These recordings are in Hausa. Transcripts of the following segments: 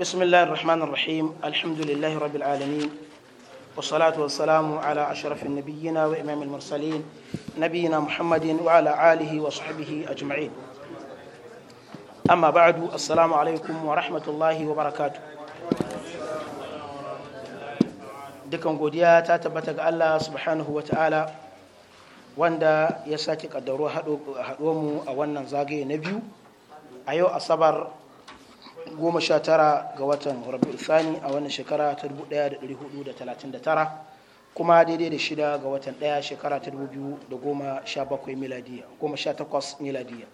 بسم الله الرحمن الرحيم الحمد لله رب العالمين والصلاة والسلام على أشرف النبيين وإمام المرسلين نبينا محمد وعلى آله وصحبه أجمعين أما بعد السلام عليكم ورحمة الله وبركاته dukan godiya ta tabbata ga Allah subhanahu wa ta'ala wanda ya sake kaddaro haɗo mu a wannan zagaye na biyu a yau asabar goma sha tara ga watan rabi'ul sani a wannan shekara ta tara kuma daidai da shida ga watan daya shekara ta 2017 miladiya goma sha takwas miladiya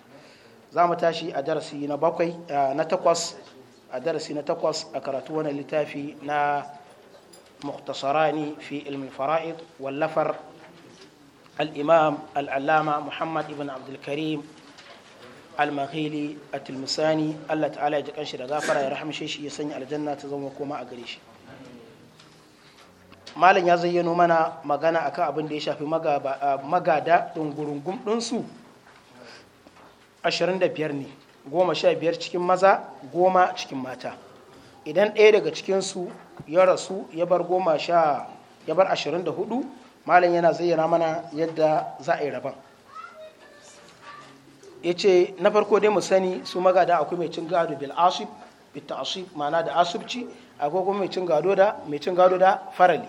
za mu tashi a darasi na bakwai na takwas a darasi na takwas a karatu wani littafi na muhtasarani fi ilmin fara'id wallafar al-imam al-allama muhammad ibn abdul abdulkarim almahili a tilmisani allah ta'ala ya ji kanshi da gafara ya rahamshe shi ya sanya aljanna ta zama koma a gare shi malam ya zayyano mana magana akan abin da ya shafi magada ɗungurungum ɗinsu 25 ne goma sha biyar cikin maza goma cikin mata idan ɗaya daga cikinsu ya rasu ya bar goma sha ya bar 24 malam yana zayyana mana yadda za a yi rabon ya ce na farko dai mu sani su magada akwai mai cin gado bil asib bil ta'asib ma'ana da asibci akwai kuma mai cin gado da mai cin gado da farali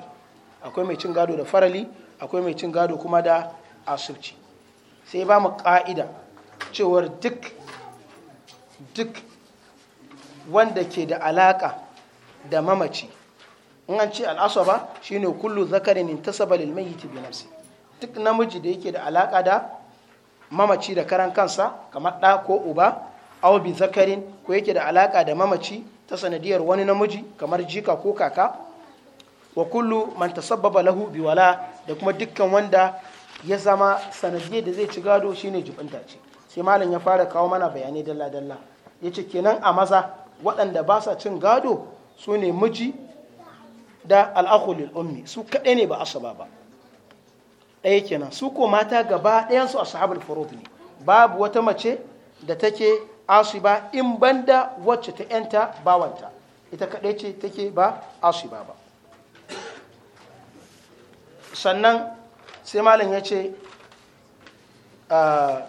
akwai mai cin gado da farali akwai mai cin gado kuma da asibci sai ba mu ka'ida cewar duk duk wanda ke da alaka da mamaci in an ce al'asaba shine kullu zakarin intasaba lil mayyit bi nafsi duk namiji da yake da alaka da mamaci da karan kansa kamar ɗa ko uba aw bi zakarin ko yake da alaka da mamaci ta sanadiyar wani namiji kamar jika ko kaka wa kullu man tasabbaba lahu bi wala da kuma dukkan wanda ya zama sanadiyar da zai ci gado shine jibinta ce sai malam ya fara kawo mana bayanai dalla dalla yace kenan a maza waɗanda ba sa cin gado su ne miji da lil ummi su kadai ne ba asaba ba ɗaya kenan su ko mata gaba ɗayansu ashabul furud ne babu wata mace da take asiba in banda wacce ta yanta bawanta ita kaɗai ce take ba asiba ba sannan sai malam ya ce ah,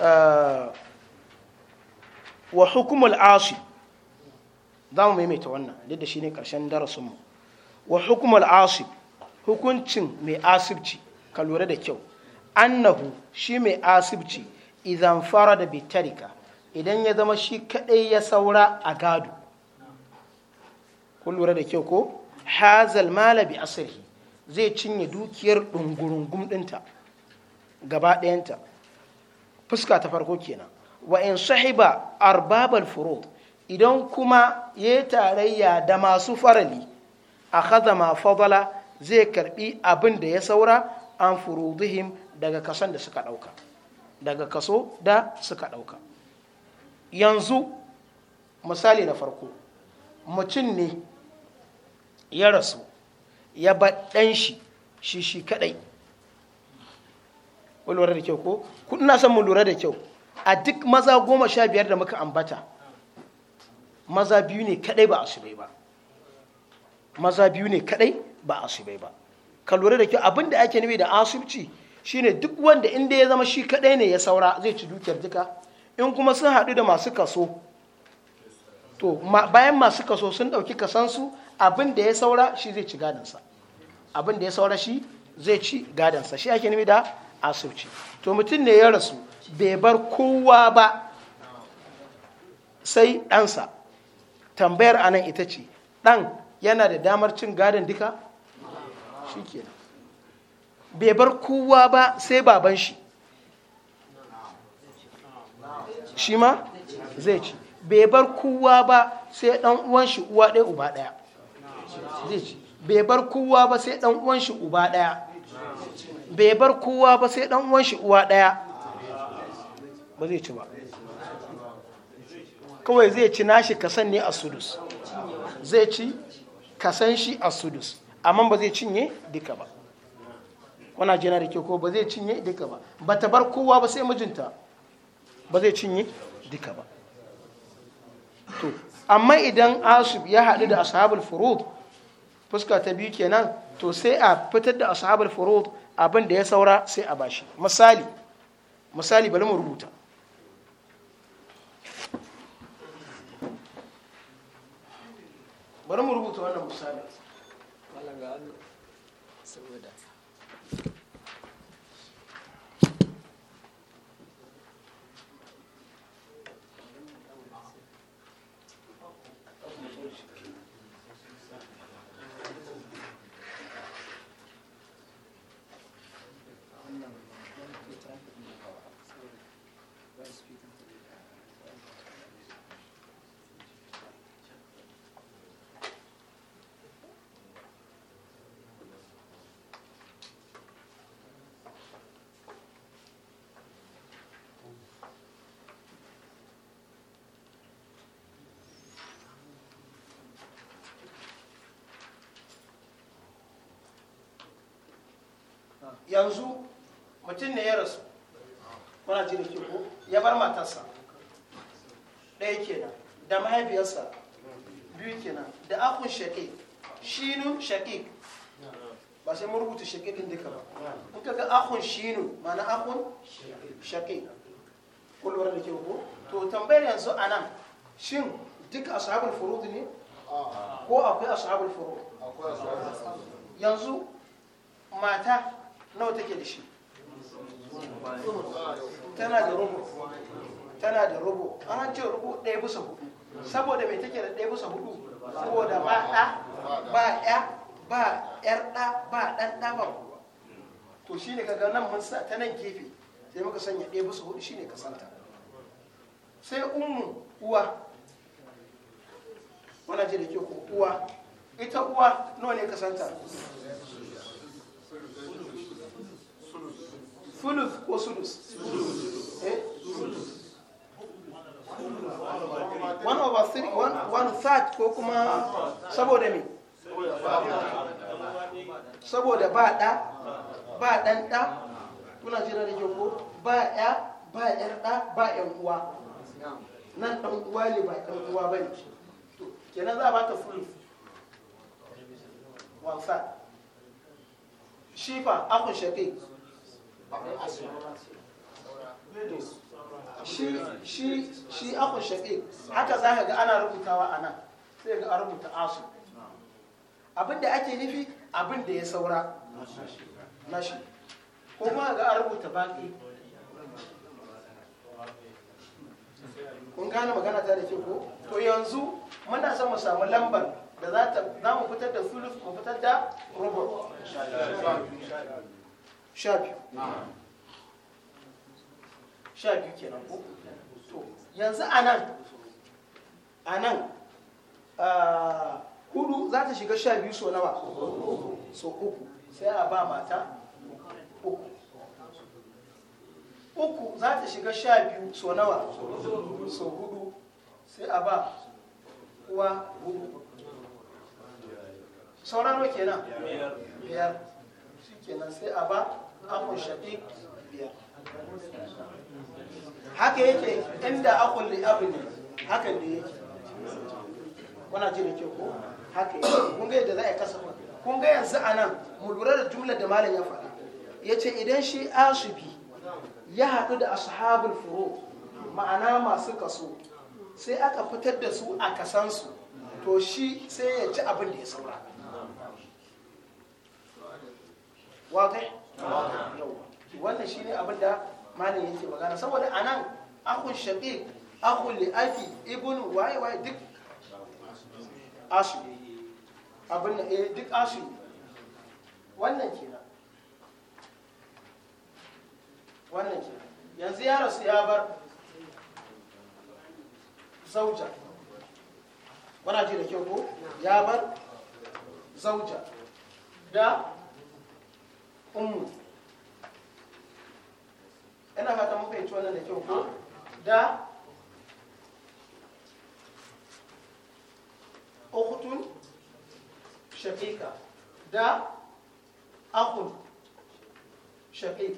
ah, wa hukumul asu za mu maimaita wannan duk da shi ne ƙarshen darasinmu wa hukumul asib hukuncin mai asibci ka lura da kyau annahu shi mai asibci idan fara da bitarika idan ya zama shi kadai ya saura a gado kun lura da kyau ko hazal malabi asirhi zai cinye dukiyar ɗungurungum ɗinta gaba ɗayanta fuska ta farko kenan wa in sahiba arbabal furo idan kuma ya yi tarayya da masu farali a ma fadala zai karbi abin da ya saura an furudihim daga kason da suka ɗauka daga kaso da suka ɗauka yanzu misali na farko mutum ne ya rasu ya ba ɗan shi shi shi kaɗai lura da kyau ko kuna son mu lura da kyau a duk maza goma sha biyar da muka ambata maza biyu ne kaɗai ba a su ba maza biyu ne kaɗai ba a su ba ka lura da kyau abin da ake nufi da asubci shine duk wanda inda ya zama shi kadai ne ya saura zai ci dukiyar duka in kuma sun haɗu da masu kaso to bayan masu kaso sun ɗauki kasansu abin da ya saura shi zai ci gadansa abin ya saura shi zai ci gadansa shi ake nufi da asubci to mutum ne ya rasu bai bar kowa ba sai ɗansa tambayar anan ita ce ɗan yana da damar cin gadon duka shikenan bai bar kowa ba sai baban shi shi ma zai ci bai bar kowa ba sai dan uwan shi uwa ɗaya uba ɗaya zai ci bai bar kowa ba sai dan uwan shi uba ɗaya bai bar kowa ba sai dan uwan shi uwa ɗaya ba zai ci ba kawai zai ci nashi kasan ne a sudus zai ci kasan shi a sudus amma ba zai cinye duka ba kuna jina da ke ko ba zai cinye duka ba ba ta bar kowa ba sai mijinta ba zai cinye duka ba to amma idan asub ya haɗu da ashabul furud fuska ta biyu kenan to sai a fitar da ashabul furud abin da ya saura sai a bashi misali misali bari mu rubuta bari mu rubuta wannan misali Absolut. yanzu mutum ne ya rasu muna ji da ko ya bar matarsa ɗaya kenan da mahaifiyarsa biyu kenan da akun shaƙi shinu shaƙi ba sai mun rubuta shaƙi ɗin duka ba in ka ga akun shinu mana akun shaƙi kulwar da ke ko to tambayar yanzu a nan shin duka ashabul furud ne ko akwai ashabul furud yanzu mata nawa take da shi tana da rubu tana da rubu an ce rubu ɗaya bisa hudu saboda mai take da ɗaya bisa hudu saboda ba ɗa ba ɗa ba ɗar ɗa ba ɗan ɗa ba kowa to ka kaga nan mun sa ta nan gefe sai muka sanya ɗaya bisa hudu ka kasanta sai ummu uwa wannan ji da ke ko uwa ita uwa nawa ne kasanta fulus ko sulus eh one over three one, one third ko kuma saboda me saboda ba da ba ɗan ɗa kuna jira da jango ba ɗa ba ƴan ɗa ba ƴan uwa nan ɗan uwa ne ba ɗan uwa ba ne kenan za ba baka fulus one third shi fa akun shaqiq shi shi shi shaƙi haka za ga ana rubutawa a nan sai ga an rubuta asu abin da ake nufi abin da ya saura nashi ko kuma ga an rubuta baƙi kun gane magana ta da ke ko to yanzu muna son mu samu lambar da za mu fitar da sulus mu fitar da rubu sha biyu sha biyu kenan ko yanzu anan, nan a nan hudu za ta shiga sha biyu so nawa so uku sai a ba mata uku uku za ta shiga sha biyu so nawa so hudu sai a ba uwa hudu sauraro kenan biyar shi kenan sai a ba akul shaqiq haka yake inda akul li abu ne haka ne yake kuna ji da ke ko haka yake kun ga yadda za a kasa kun ga yanzu anan mu lura da jumlar da malam ya faɗa yace idan shi asibi ya haɗu da ashabul furu ma'ana masu kaso sai aka fitar da su a kasansu to shi sai ya ci abin da ya saura wakai wannan ne abin da malam yake magana saboda a nan akun akhun akun li'afi ibn waye waye duk asu abin eh duk asu wannan kenan wannan kenan yanzu ya rasu ya bar zauja wana ji da kyau ko ya bar zauja da ummu ina fata muka yi wannan da kyau ko da ukhtun shaqiqa da akhun shaqiq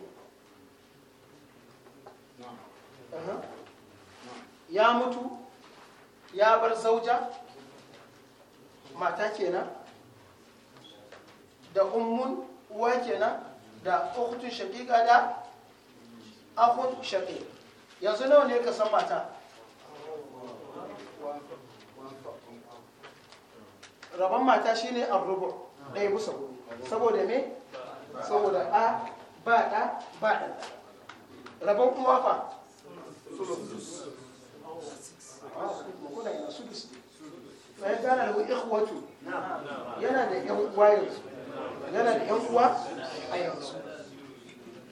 ya mutu ya bar zauja mata kenan da ummun uwa kenan da ukhtu shaqiqa da akhun shaqiq yanzu nawa ne ka san mata rabon mata shine arrubu ɗaya bisa saboda me saboda a ba ɗa ba ɗan rabon kuma fa kuna yana sudus ne bayan da ikhwatu yana da yan wayansu yana da yan uwa a yanzu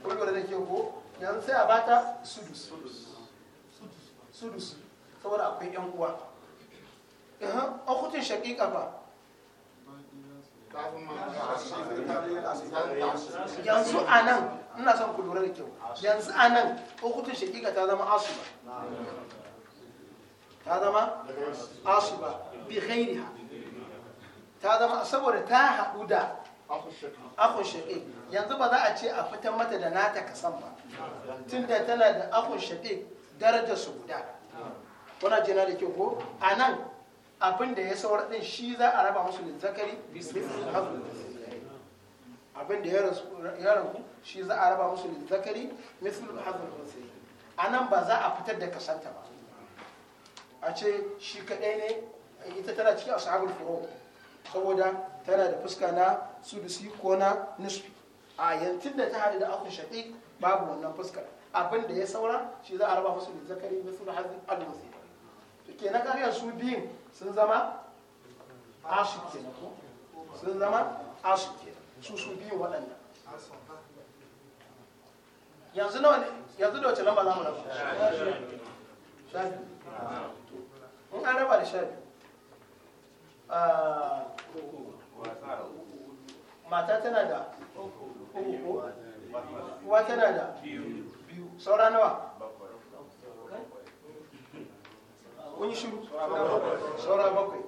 kuma da ke ko yanzu sai a bata sudus sudus saboda akwai yan uwa ihan akutun shaƙiƙa ba yanzu a nan ina son ku lura da kyau yanzu a nan akutun shaƙiƙa ta zama asu ba ta zama asu ba bi ghairiha ta zama saboda ta haɗu da akun shaƙiƙ yanzu ba za a ce a fitan mata da nata kasan ba tunda tana da akun shaƙiƙ darajar su guda kuna jina da ke ko a nan abin da ya saura din shi za a raba musu lizzakari abin da ya rabu shi za a raba musu Zakari, mislu hazul unsay a nan ba za a fitar da kasanta ba a ce shi kaɗai ne ita tana cikin ashabul furo saboda tana da fuska na sudusi ko na nisfi a yankin da ta hada da akun shaɗi babu wannan fuskar abin da ya saura shi za a raba musu da zakari da sun hazin almusi to na kaga su biyun sun zama asu kenan ko sun zama asu ke su su biyun waɗannan yanzu nawa ne yanzu da wace lamba za mu raba shafi in an raba da shafi ah, mata tana da uku uwa tana da biyu saura nawa kun yi shiru saura bakwai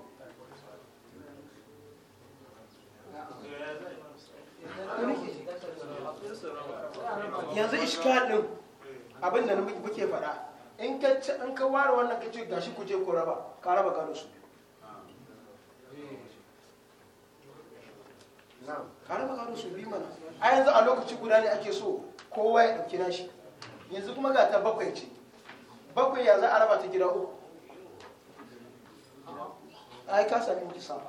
yanzu iskal abinda na muke fada in ka ware wannan ka gashi kuje je ko raba ka raba gado su biyu ka raba gado su biyu mana a yanzu a lokaci guda ne ake so kowa ya ɗauki nashi yanzu kuma ga ta bakwai ce bakwai ya za a raba ta gida uku ai ka sami mutu sama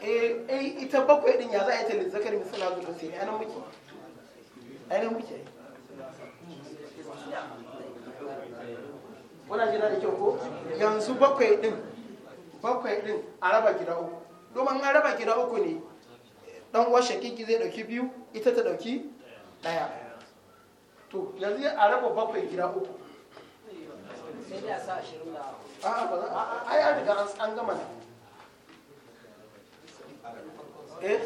eh, eh ita bakwai din ya za a yi ta lizzakar misali a zuwa sai anan muke anan muke kuna jina da kyau ko yanzu bakwai din bakwai din a raba gida uku domin an raba gida uku ne dan washe kiki zai dauki biyu ita ta dauki daya to yanzu a raba bakwai gida uku sai ba sa a ai an an gama eh?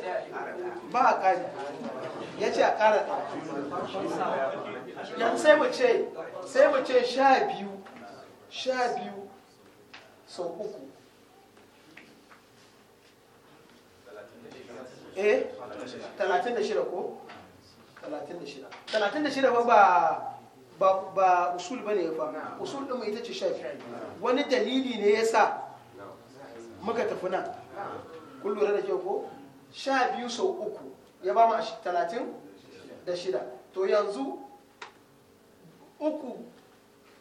ba a kari ya ce a kara yanzu sai mu ce sai mu ce sha biyu sha biyu sau uku eh 36 ko 36 ba ba ba usul bane fa ita ce shafi'i wani dalili ne yasa muka tafi nan kun lura da ke ko sha biyu sau uku ya ba mu talatin da shida to yanzu uku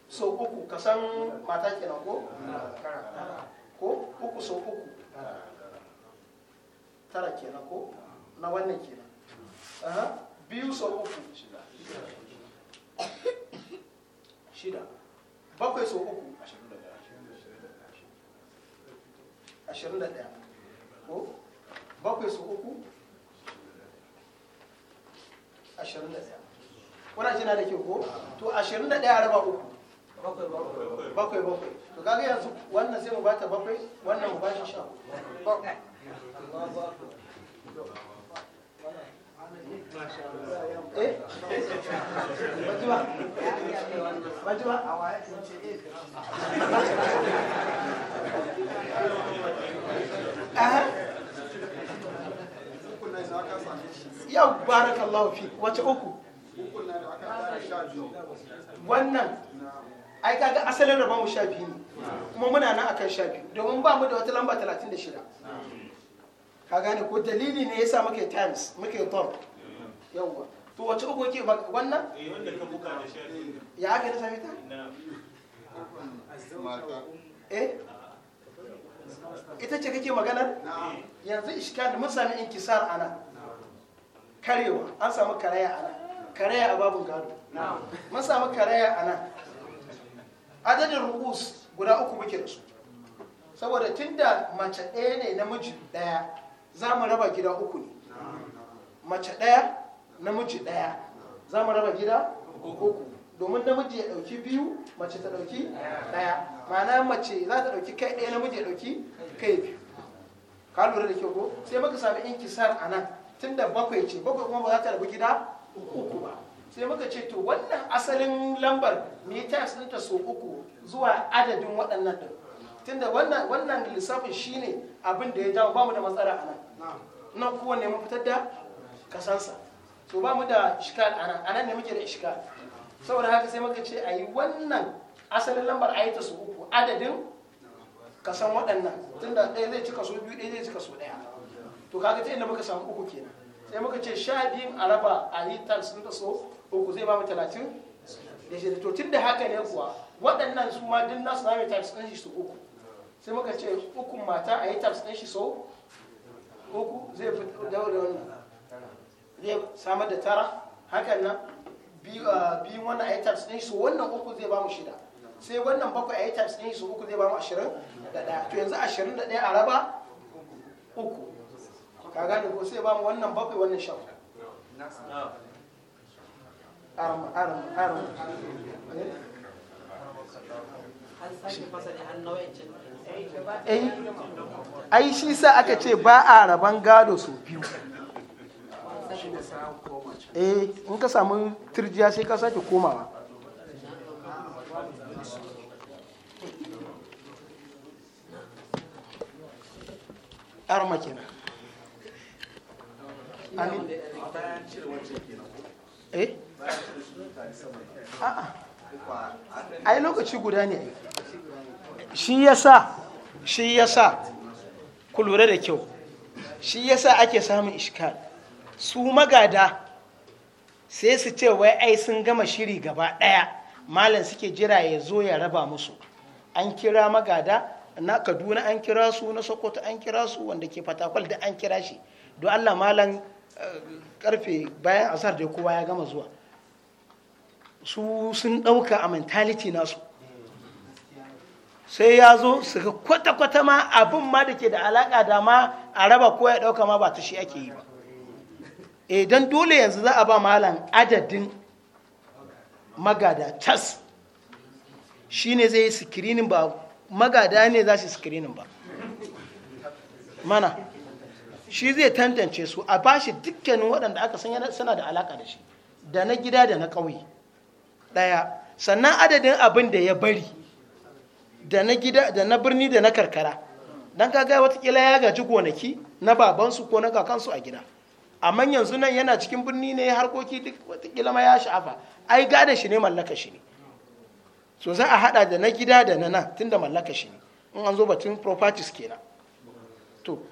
sau uku ka san mata kenan ko ko uku sau uku tara kenan ko na wannan kenan biyu sau uku shida bakwai sau uku ashirin da ko bakwai sau uku ashirin da ɗaya kuna jina da ke ko to ashirin da ɗaya raba uku bakwai bakwai to kaga yanzu wannan sai mu bata bakwai wannan mu bashi sha Eh? yau barakallahu fi wace uku wannan ai kaga asalin rabon mu sha biyu ne kuma muna nan akan sha biyu domin ba mu da wata lamba 36 ka gane ko dalili ne yasa muke times muke tom yawwa to wace uku ke wannan eh, ya ake na sami ta eh ita ce kake maganar yanzu iskali mun sami inkisar ana karewa an samu karaya ana karaya a babun gado mun samu karaya ana adadin rukus guda uku muke da su saboda tunda mace ɗaya ne namiji ɗaya za mu raba gida uku ne mace ɗaya namiji ɗaya za mu raba gida uku domin namiji ya ɗauki biyu mace ta ɗauki ɗaya ma'ana mace za ta ɗauki kai ɗaya namiji ya ɗauki kai biyu ka lura da kyau ko sai muka sami kisar a nan tun da bakwai ce bakwai kuma ba za ta rabu gida uku ba sai muka ce to wannan asalin lambar me ta so uku zuwa adadin waɗannan ɗin tunda wannan wannan lissafin shine abin da ya jawo ba mu da matsala a nan na kowane mun fitar da kasansa to ba mu da ishkal a nan a nan ne muke da ishkal saboda haka sai muka ce a yi wannan asalin lambar a yi ta su uku adadin kasan waɗannan tunda ɗaya zai cika so biyu ɗaya zai cika kaso ɗaya to kaga ta inda muka samu uku kenan sai muka ce sha biyun araba a yi tal sun su uku zai ba mu talatin da shi to tunda haka ne kuwa waɗannan su ma duk nasu ta tal sun shi su uku sai muka ce ukun mata a yi tabs ɗin shi so uku zai fi daure wannan zai samar da tara hakan nan biyu ah, wannan a yi tabs ɗin shi so wannan uku zai ba mu shida sai wannan bakwai a yi tabs ɗin shi so uku zai ba mu ashirin da ɗaya to yanzu ashirin da ɗaya a raba uku ka gane ko sai ba mu wannan bakwai wannan shan Eh, ai shi sa aka ce ba a raban gado su biyu eh in ka samu turjiya sai ka sake komawa arma kenan eh a'a ai lokaci guda ne shi yasa shi yasa ku lura da kyau shi yasa ake samun iskal su magada sai su ce wai ai sun gama shiri gaba daya malam suke jira ya zo ya raba musu an kira magada na kaduna an kira su na sokoto an kira su wanda ke fatakwal da an kira shi don allah malam eh, karfe bayan asar da kowa ya gama zuwa su sun ɗauka a mentality nasu sai ya zo su ga kwata-kwata ma abin ma da ke da alaƙa da ma a raba ko ya ɗauka ma ba ta shi ake yi ba idan eh, dole yanzu za a ba malam adadin magada tas shi ne zai yi sikirinin ba magada ne za su sikirinin ba mana shi zai tantance su a ba shi dukkanin waɗanda aka suna da alaƙa da shi da na gida da na ƙauye ɗaya sannan adadin abin da ya bari da na gida da na birni da na karkara dan kaga watakila ya gaji gonaki na babansu ko na kakansu a gida amma yanzu nan yana cikin birni ne harkoki duk watakila ma ya sha'afa ai gada shi ne mallaka shi ne so za a hada da na gida da na nan tunda mallaka shi ne in an zo batun properties kenan to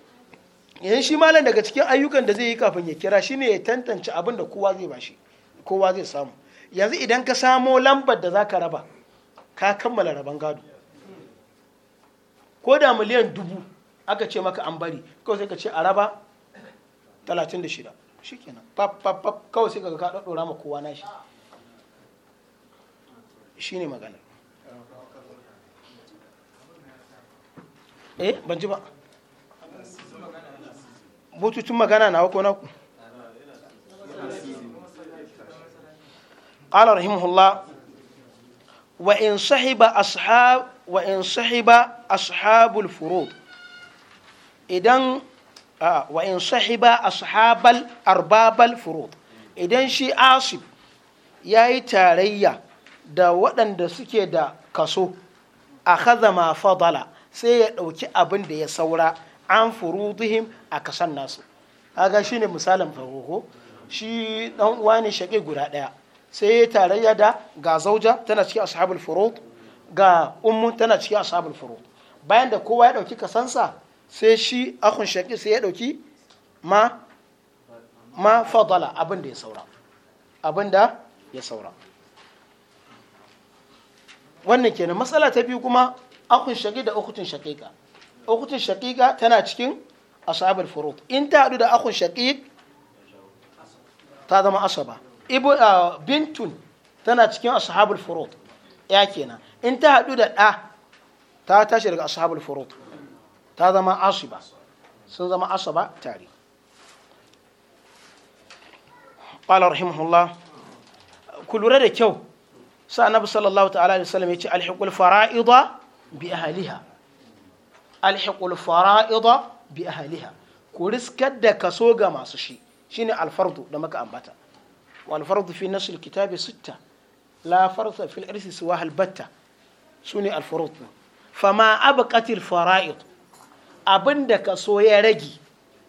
yanzu shi malam daga cikin ayyukan da zai yi kafin ya kira shine ya tantance abin da kowa zai bashi kowa zai samu yanzu idan ka samo lambar da za ka raba ka kammala raban gado ko da miliyan dubu aka ce maka an bari kawai sai ka ce a raba 36 shi kenan pap pap pap kawai sai ka ga ɗora ma kowa na shi shi ne magana eh ban ji ba bututun magana na wako naku ƙalar رحمه wa in sahiba أصحاب wa in sahiba ashabul furud idan wa in sahiba ashabal arbabal furud idan shi Asif ya yi tarayya da waɗanda suke da kaso a kaza ma fadala sai ya ɗauki abin da ya saura an furuduhim a kasan nasu kaga shi ne misalin farko shi ɗan uwa ne shaƙi guda ɗaya sai ya tarayya da ga zauja tana cikin ashabul furud ga ummu tana cikin ashabul furu bayan da kowa ya dauki kasansa sai shi akun shaki sai ya dauki ma ma fadala abin da ya saura abin ya saura wannan kenan matsala ta biyu kuma akun shaki da ukutun shaqiqa ukutun shaqiqa tana cikin ashabul furu in ta hadu da akun shaqiq ta zama asaba ah, bintun tana cikin ashabul furu ya kenan انت هدودا اه تاتاشر اصحاب الفروض تاذا ما عصبة سنذا ما عصبة تاري قال رحمه الله كل رد كو سأنب صلى الله تعالى عليه وسلم يتي الحق الفرائض بأهلها الحق الفرائض بأهلها كورس كد كسوغا ما سشي شيني الفرض كان باتا والفرض في نص الكتاب ستة لا فرض في الإرث سواها البته su ne alfurut ɗin fama katil fara'id abin da ka so ya rage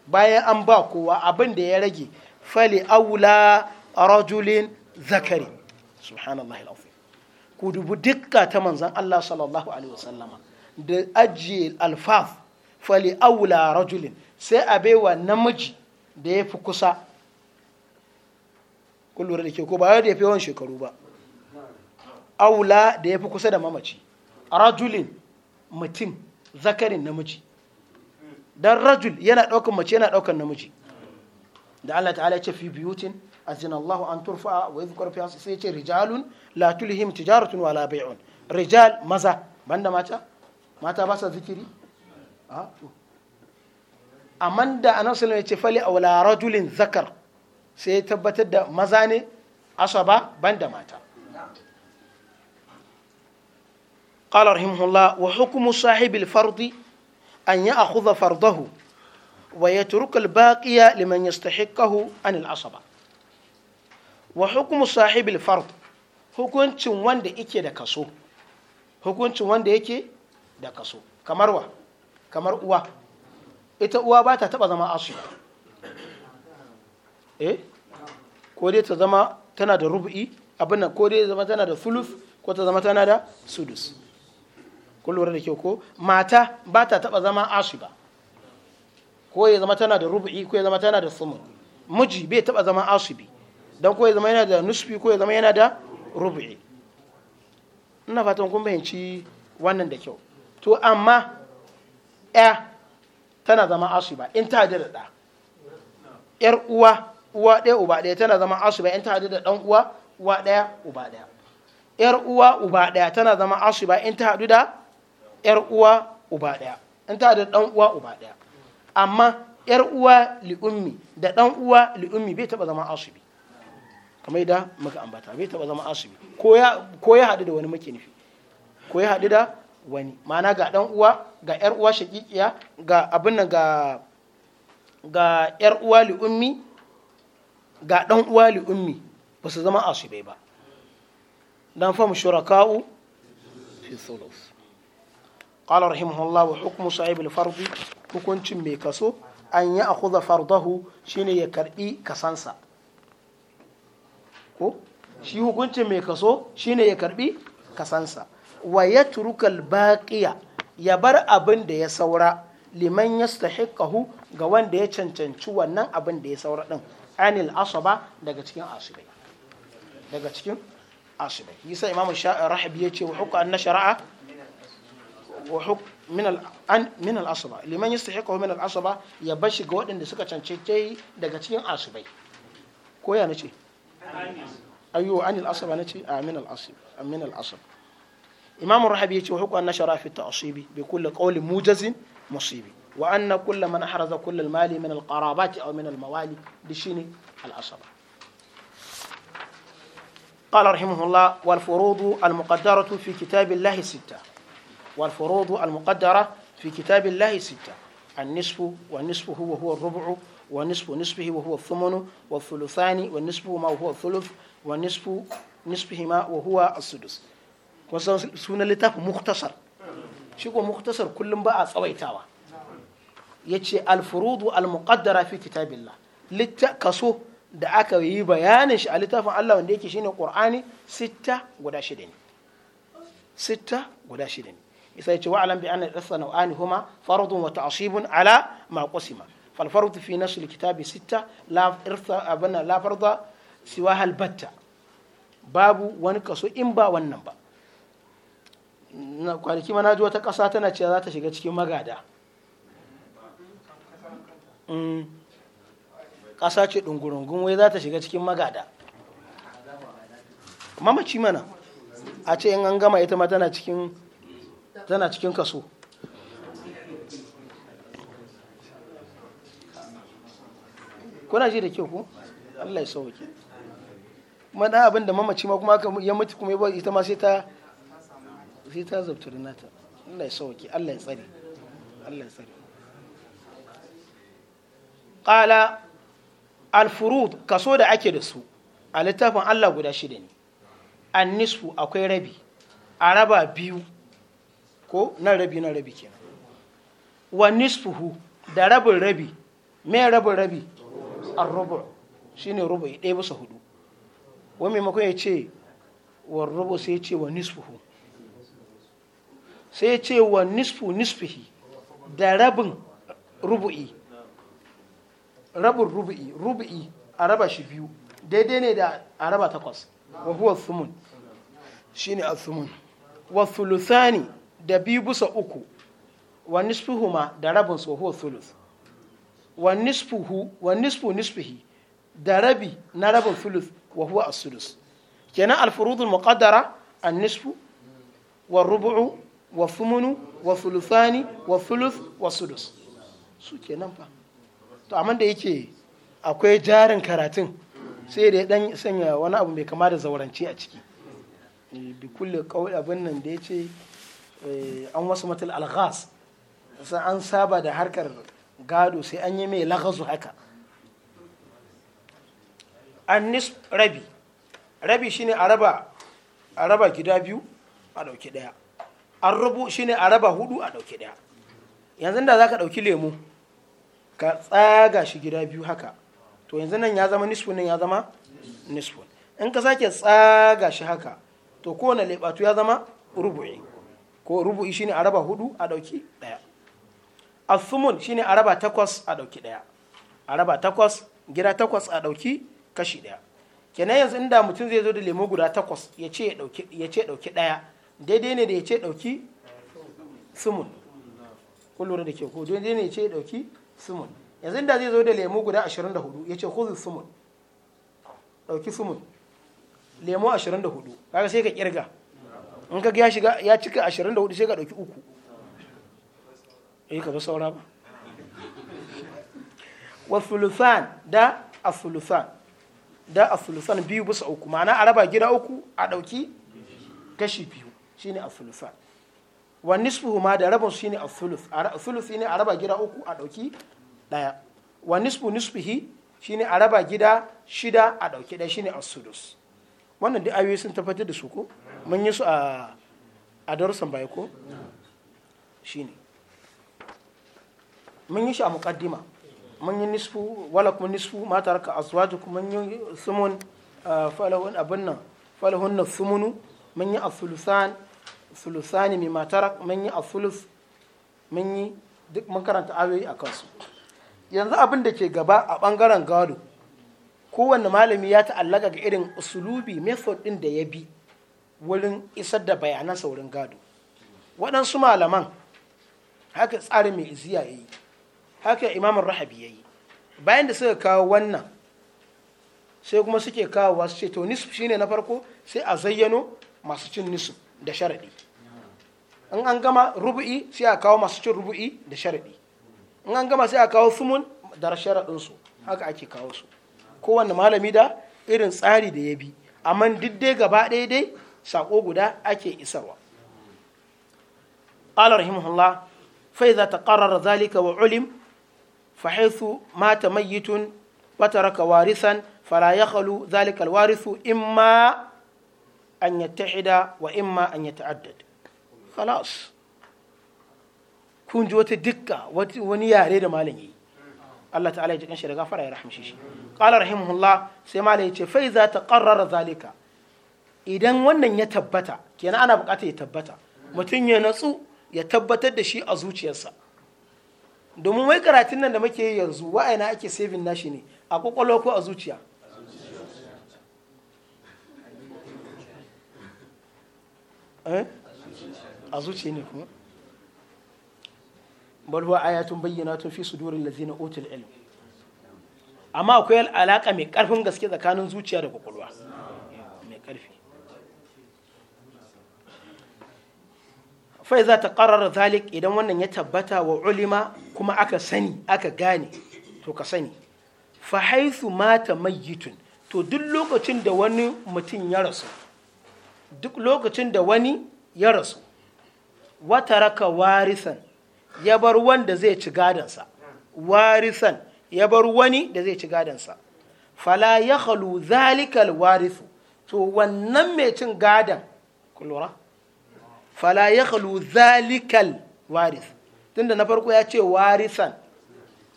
bayan an ba kowa abin da ya rage fali aula rajulin zakari subhanallah alazim ku dubu dukka ta manzan Allah sallallahu alaihi wasallama da ajiye alfaf fali aula rajulin sai a baiwa namiji da ya fi kusa kullum da ke ko ba da ya fi yawan shekaru ba aula da ya fi kusa da mamaci rajulin mutum zakarin namiji don rajul yana ɗaukan mace yana ɗaukan namiji da Allah ta'ala ce fi biyutin a zina Allah an turfa a wai fi sai ce rijalun latulihim tijaratun wa bai'un rijal maza banda mata mata ba sa zikiri amma da anan sallallahu ya ce fali aula rajulin zakar sai ya tabbatar da maza ne asaba banda mata قال رحمه الله وحكم صاحب الفرض أن يأخذ فرضه ويترك الباقي لمن يستحقه عن العصبة وحكم صاحب الفرض hukuncin wanda yake hukuncin wanda yake da kaso kamar wa kamar uwa ita uwa ba ta taba zama asu eh ta zama tana da rubu'i abin ko dai zama tana da fuluf ko ta zama tana da sudus kun lura da kyau ko mata ba ta taba zama ba ko ya zama tana da rubu'i ko ya zama tana da sumu miji bai taba zama ashibi don ko ya zama yana da nusfi ko ya zama yana da rubu'i ina fatan kun bayanci wannan da kyau to amma ya tana zama ba in ta da da yar uwa uwa ɗaya uba ɗaya tana zama ba in ta da ɗan uwa uwa ɗaya uba ɗaya yar uwa uba ɗaya tana zama ba in ta hadu da 'yar uwa uba daya in ta da dan uwa uba daya amma 'yar uwa ummi da dan uwa ummi bai taɓa zama asibi kamar da muka ambata bai taɓa zama asibi ko ya hadu da wani muke nufi ko ya hadu da wani ma'ana ga dan uwa ga 'yar uwa shaƙiƙiya ga abin nan ga ga 'yar uwa ummi ga dan uwa ummi ba su zama asibai ba dan famu shuraka'u fi thuluth qala rahimahullah hukmu sahib al-fard hukuncin mai kaso ya akhudha fardahu shine hukuncin mai kaso shine ya karbi kasansa wa yatruka al ya bar abin da ya saura liman ga wanda ya cancanci wannan abin ya saura din anil asaba daga cikin rahabi ya ce shari'a وحق من ال من العصبة اللي ما يستحقه من العصبة يبش جود إن سكت عن شيء شيء دقتين عصبة كويا نشي أيوة عن العصبة نشي آه من العصب آه، من العصب إمام الرحبي يتي أن نشر في التعصيب بكل قول موجز مصيبي وأن كل من أحرز كل المال من القرابات أو من الموالي بشين العصبة قال رحمه الله والفروض المقدرة في كتاب الله ستة والفروض المقدرة في كتاب الله ستة النصف والنصف هو هو الربع ونصف نصفه وهو الثمن والثلثان والنصف ما هو الثلث والنصف نصفه ما وهو السدس wasan sunan littafin muktasar shi ko muktasar kullum ba a tsawaitawa ya ce alfurudu almuqaddara fi kaso da aka yi bayanin shi a littafin Allah wanda yake shine Qur'ani sitta guda shida ne sitta guda shida ne isa ce wa'lam bi anna al-ithna huma fardun wa ta'shibun ala ma qusima fal fardu fi nasl kitabi sitta la irsa abana la farda siwa hal batta babu wani kaso in ba wannan ba kwanaki mana ji wata ƙasa tana cewa za ta shiga cikin magada mm. ƙasa ce ɗungurungun wai za ta shiga cikin magada mamaci mana a ce in an gama ita ma tana cikin tana cikin kaso kuna ji da kyau ku allah ya sauke kuma da abin da mamaci ma kuma ya mutu kuma ya ita ma sai ta sai ta zabturi nata allah ya sauke allah ya tsare allah ya alfurud kaso da ake da su a littafin allah guda shida ne an nisfu akwai rabi a raba biyu ko nan rabi nan rabi kenan wa nisfuhu da rabin rabi me rabin rabi ar-rubu shine rubu'i ɗaya bisa hudu wa maimakon ya ce wa rubu sai ya ce wa nisfuhu sai ya ce wa nisfu nisfihi da rabin rubu'i rabin rubu'i rubu'i a raba shi biyu daidai ne da a raba takwas wa huwa thumun shine al-thumun wa thuluthani da biyu bisa uku wa nisfuhu ma da rabin soho thuluth wa nisfuhu wa nisfu nisfihi da rabi na rabin thuluth wa huwa as-sulus kenan al-furudul muqaddara an-nisfu wa rubu'u wa thumunu wa thuluthani wa thuluth wa sulus su kenan fa to amma da yake akwai jarin karatun sai da ya dan sanya wani abu mai kama da zaurance a ciki eh, bi kulle abin nan da ya ce Eh, an wasu matal alghas sai an saba da harkar gado sai an yi mai lagazu haka an nisf rabi rabi shine a raba gida biyu a ɗauki ɗaya an rubu shine a raba hudu a ɗauki ɗaya yanzu da za ka ɗauki lemu ka tsaga shi gida biyu haka to yanzu nan ya zama nisfun nan ya zama nisfun in ka sake tsaga shi haka to kowane lebatu ya zama rubu'in ko rubu'i shine a raba hudu a ɗauki ɗaya athumun shine a raba takwas a ɗauki ɗaya a raba takwas gida takwas a ɗauki kashi ɗaya kenan yanzu inda mutum zai zo da lemo guda takwas ya ce ɗauki ɗaya daidai ne da ya ce ɗauki sumun kun da ke ko daidai ne ya ce ɗauki sumun yanzu inda zai zo da lemo guda ashirin da hudu ya ce kuzi sumun ɗauki sumun lemo ashirin da hudu kaga sai ka kirga in ka ya shiga ya cika 24 sai ka dauki uku eh ka ba saura ba wa thuluthan da athuluthan da athuluthan biyu bisa uku ma'ana a raba gida uku a dauki kashi biyu shine athuluthan wa nisfuhu ma da rabon shine athuluth athuluth ne a raba gida uku a dauki daya wa nisfu nisfihi shine a raba gida shida a dauki daya shine as-sudus wannan duk ayoyi sun tabbatar da su ko mun yi su a darussan bai ko shi ne mun yi shi a muƙaddima mun yi nisfu wala kuma nisfu mata raka azwaju kuma mun yi sumun falahun abin nan falahun na sumunu mun yi a sulusani mai matarak mun yi sulus mun yi duk mun karanta ayoyi a kansu yanzu abin da ke gaba a bangaren gado kowanne malami ya ta'allaka ga irin usulubi method din da ya bi wurin isar da bayanan saurin gado waɗansu malaman haka tsarin mai iziya ya yi haka imamun rahabi ya yi bayan da suka kawo wannan sai kuma suke kawo wasu ce to nisu shine na farko sai a zayyano masu cin nisu da sharaɗi in an gama rubu'i sai a kawo masu cin rubu'i da sharaɗi in an gama sai a kawo sumun da sharaɗinsu haka ake kawo su kowanne malami da irin tsari da ya bi amma duk gaba daidai. Saƙo guda ake isarwa qala rahimahullah fa ta taqarrara zalika wa ulim fa haythu mata mayyitun wa taraka warisan fala yakhlu zalika alwarithu imma an ya yattahida wa imma an ya yata'addad khalas kun ji wata dukka wani yare da malam yi Allah ta'ala ya ji kan kanshi da gafara ya rahamshe shi qala rahimahullah sai malam ya ce fa ta taqarrara zalika idan wannan ya tabbata kenan ana bukata ya tabbata mutum ya natsu ya tabbatar da shi a zuciyarsa domin wai karatun nan da muke yi yanzu wa'ina ake saving nashi ne a kwakwalwa ko a zuciya eh? a zuciya ne kuma huwa ayatun fi sudurin na ilm amma akwai alaka mai karfin gaske tsakanin zuciya da kwakwalwa mai karfi fai za ta ƙarar zalik idan wannan ya tabbata wa ulima kuma aka sani aka gane to ka sani fa haithu mata mayyitun to duk lokacin da wani mutum ya rasu duk lokacin da wani ya rasu wata raka warisan ya bar wanda zai ci gadansa warisan ya bar wani da zai ci gadansa fala ya halu zalikal warisu to wannan mai cin gadan kulura fala ya zalikal waris tunda na farko ya ce warisan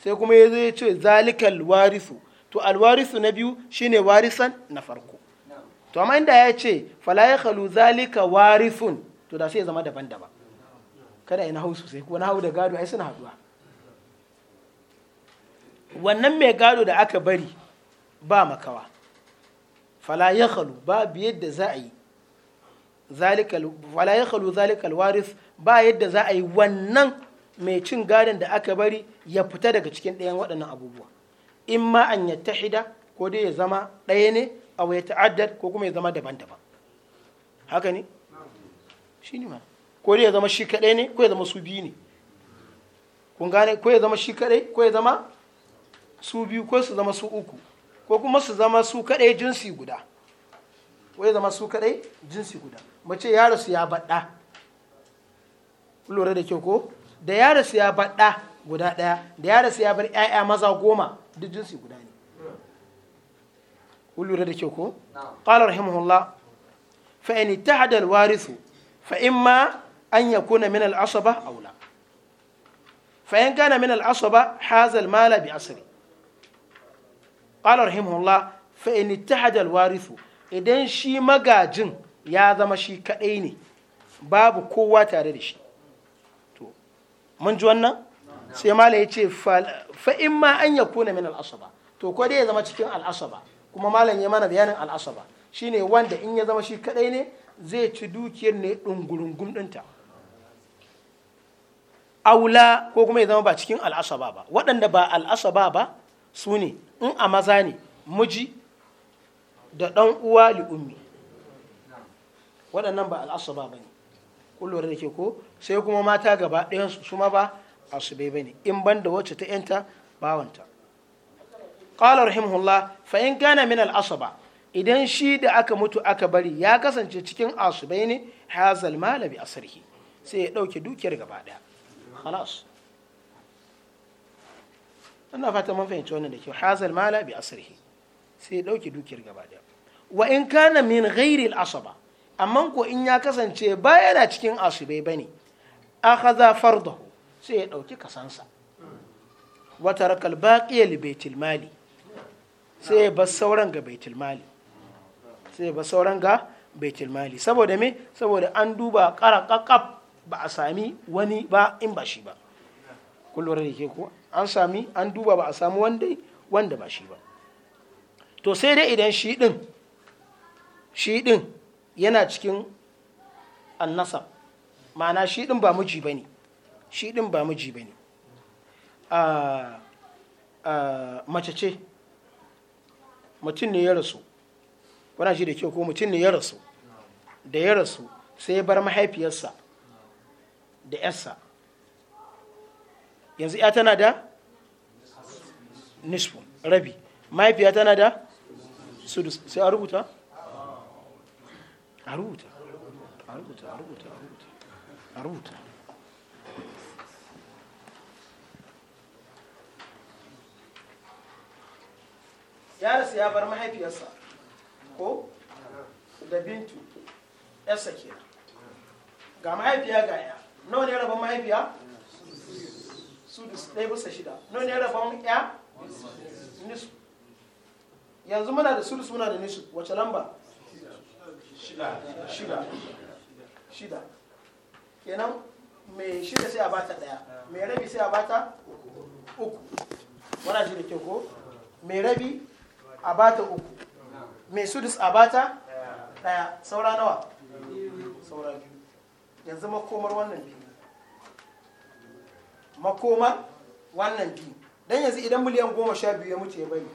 sai kuma ya zai ce zalikal warisu to alwarisu na biyu shine warisan na farko to amma inda ya ce fala ya khalu zalika warisun to da sai ya zama daban-daban kada ina hau sosai kuma na hau da gado ai suna haduwa wannan mai gado da aka bari ba makawa fala ya khalu biyar da za a yi zalikal wala yakhlu zalikal waris ba yadda za a yi wannan mai cin gadon da aka bari ya fita daga cikin ɗayan waɗannan abubuwa in ma an hida ko dai ya zama ɗaya ne a ya ta'addad ko kuma ya zama daban-daban haka ne shi ne ma ko dai ya zama shi kaɗai ne ko ya zama su biyu ne kun gane ko ya zama shi kaɗai ko ya zama su biyu ko su zama su uku ko kuma su zama su kaɗai jinsi guda wai zama su kadai jinsi guda mace ya su ya baɗa lura da kyau ko da ya rasu ya baɗa guda ɗaya da ya su ya bar 'ya'ya maza goma duk jinsi guda ne lura da kyau ko qala rahimahullah fa in ittahada al fa imma an yakuna min al-asaba aw la fa in kana min al-asaba haza al-mala bi asri qala rahimahullah fa in ittahada al idan shi magajin ya zama shi kaɗai ne babu kowa tare da shi to mun ji wannan sai mala ya ce fa'in ma an ya kuna min al'asaba to ko dai ya zama cikin al'asaba kuma malam ya mana bayanin al'asaba shine wanda in ya zama shi kaɗai ne zai ci dukiyar ne ɗungurungun ɗinta aula ko kuma ya zama ba cikin al'asaba ba waɗanda ba al'asaba ba su ne in a maza ne miji da ɗan uwa li ummi waɗannan ba al'asaba ba ne kullum da ke ko sai kuma mata gaba ɗayan su ma ba asubai ba ne in ban da wacce ta yanta bawanta qala rahimahullah fa in kana min al'asaba idan shi da aka mutu aka bari ya kasance cikin asubai ne hazal malabi asarhi sai ya ɗauke dukiyar gaba ɗaya خلاص ina fata mun fahimci wannan da kyau hazal malabi bi asrihi sai ya dauke dukiyar gaba daya wa in kana min al asaba amma ko in ya kasance ba yana cikin asube bane akhadha fardahu sai ya dauki kasansa wa taraka al-baqiya li baitil mali sai ya bar sauran ga baitil mali sai ya bar sauran ga baitil mali saboda me saboda an duba qaraqaqab ba a sami wani ba in ba shi ba kullum da ke ko an sami an duba ba a sami wanda wanda ba shi ba to sai dai idan shi din shi ɗin yana cikin annasa ma'ana shi ɗin ba miji ba ne shi ɗin ba miji ba ne mace ce mutum ne ya rasu wana shi da kyau ko mutum ne ya rasu da ya rasu sai ya bar mahaifiyarsa da yarsa yanzu ya tana da nisfu rabi mahaifiya tana da sudus sai a rubuta a rubuta a rubuta a rubuta a rubuta a rubuta yaris ya bar mahaifiyarsa ko da bintu yarsa ke ga mahaifiya ga ya nawa ne rabon mahaifiya su ɗaya bisa shida nawa ne rabon ya nisu yanzu muna da sudus muna da nisu wace lamba shida shida kenan mai shida sai a bata daya mai rabi sai a bata uku wana shi da ke ko mai rabi a bata uku mai sudus a bata daya saura nawa saura biyu yanzu makomar wannan biyu makomar wannan biyu don yanzu idan miliyan goma sha biyu ya mutu ya bari